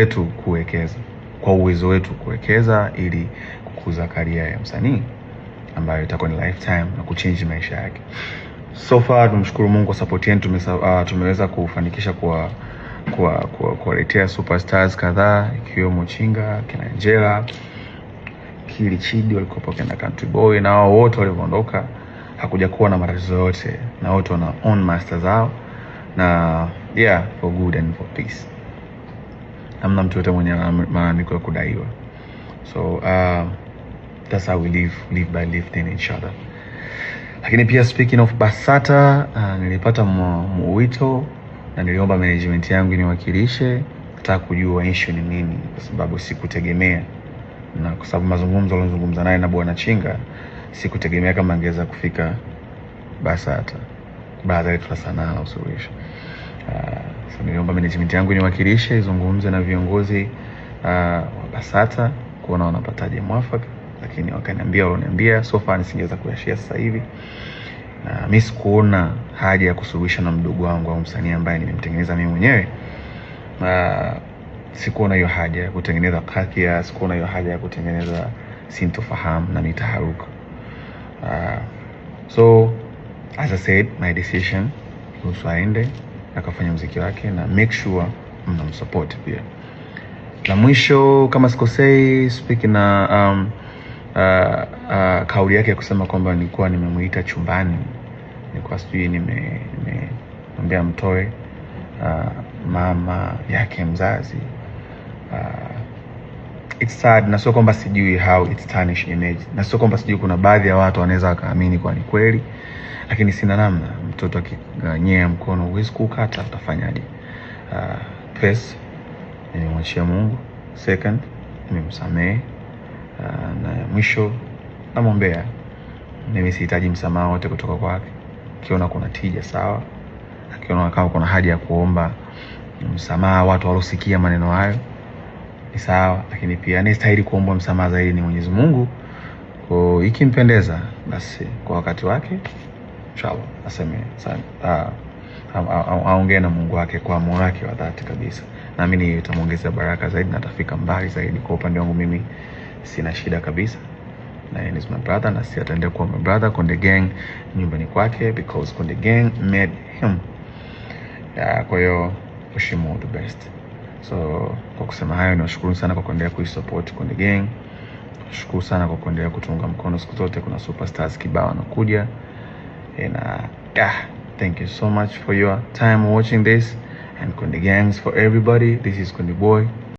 wetu kuwekeza kwa uwezo wetu kuwekeza ili kukuza karia ya msanii ambayo itakuwa ni lifetime na kuchange maisha yake. So far tumshukuru Mungu kwa support yetu, uh, tumeweza kufanikisha kwa kwa kuwaletea superstars kadhaa ikiwemo Chinga, kina Angela, Kili Chidi walikuwa kina Country Boy na wao wote walioondoka, hakuja kuwa na matatizo yote, na wote wana own master zao na yeah for good and for peace namna mtu yote mwenye maandiko ya kudaiwa. So uh, that's how we live live by lifting each other. Lakini pia speaking of Basata uh, nilipata mwito na niliomba management yangu niwakilishe, nataka kujua issue ni nini, kwa sababu sikutegemea na kwa sababu mazungumzo alizungumza naye na Bwana Chinga, sikutegemea kama angeweza kufika Basata. Baada ya sanaa na usuluhisho sasa niliomba management yangu niwakilishe izungumze na viongozi uh, wa BASATA kuona wanapataje mwafaka, lakini wakaniambia walioniambia, so far nisingeweza kuyashia sasa hivi, na mimi sikuona haja ya kusuluhisha na mdogo wangu au msanii ambaye nimemtengeneza mimi mwenyewe uh, sikuona hiyo haja ya kutengeneza kakia, sikuona hiyo haja ya kutengeneza sintofahamu na mitaharuka. Uh, so as I said my decision kuhusu aende akafanya mziki wake na make sure mnamsupport pia. La mwisho kama sikosei, speak na um, uh, uh, kauli yake ya kusema kwamba nilikuwa nimemuita chumbani, nilikuwa sijui nimeambia nime, mtoe uh, mama yake mzazi uh, it's sad na sio kwamba sijui how it's tarnish image na sio kwamba sijui, kuna baadhi ya watu wanaweza wakaamini kwa ni kweli, lakini sina namna. Mtoto akinyea mkono huwezi kukata, utafanyaje? Uh, first nimemwachia Mungu, second nimemsamehe, uh, na mwisho namwombea. Mimi sihitaji msamaha wote kutoka kwake. Akiona kuna tija sawa, akiona kama kuna haja ya kuomba msamaha watu walosikia maneno hayo ni sawa, lakini pia anayestahili kuomba msamaha zaidi ni Mwenyezi Mungu. Kwa ikimpendeza, basi kwa wakati wake inshallah aseme ah, aongee na Mungu wake kwa moyo wake wa dhati kabisa, naamini itamwongezea baraka zaidi na atafika mbali zaidi. Kwa upande wangu mimi sina shida kabisa na yeye, ni my brother na si ataendea kuwa my brother. Konde Gang nyumbani kwake, because Konde Gang made him. Ah, kwa hiyo heshimu the best. So kwa kusema hayo, niwashukuru sana kwa kuendelea kuisupport Konde Gang. Shukuru sana kwa kuendelea kutunga mkono siku zote. Kuna superstars kibao wanakuja na uh, ah, thank you so much for your time watching this and Konde Gangs for everybody. This is Konde Boy.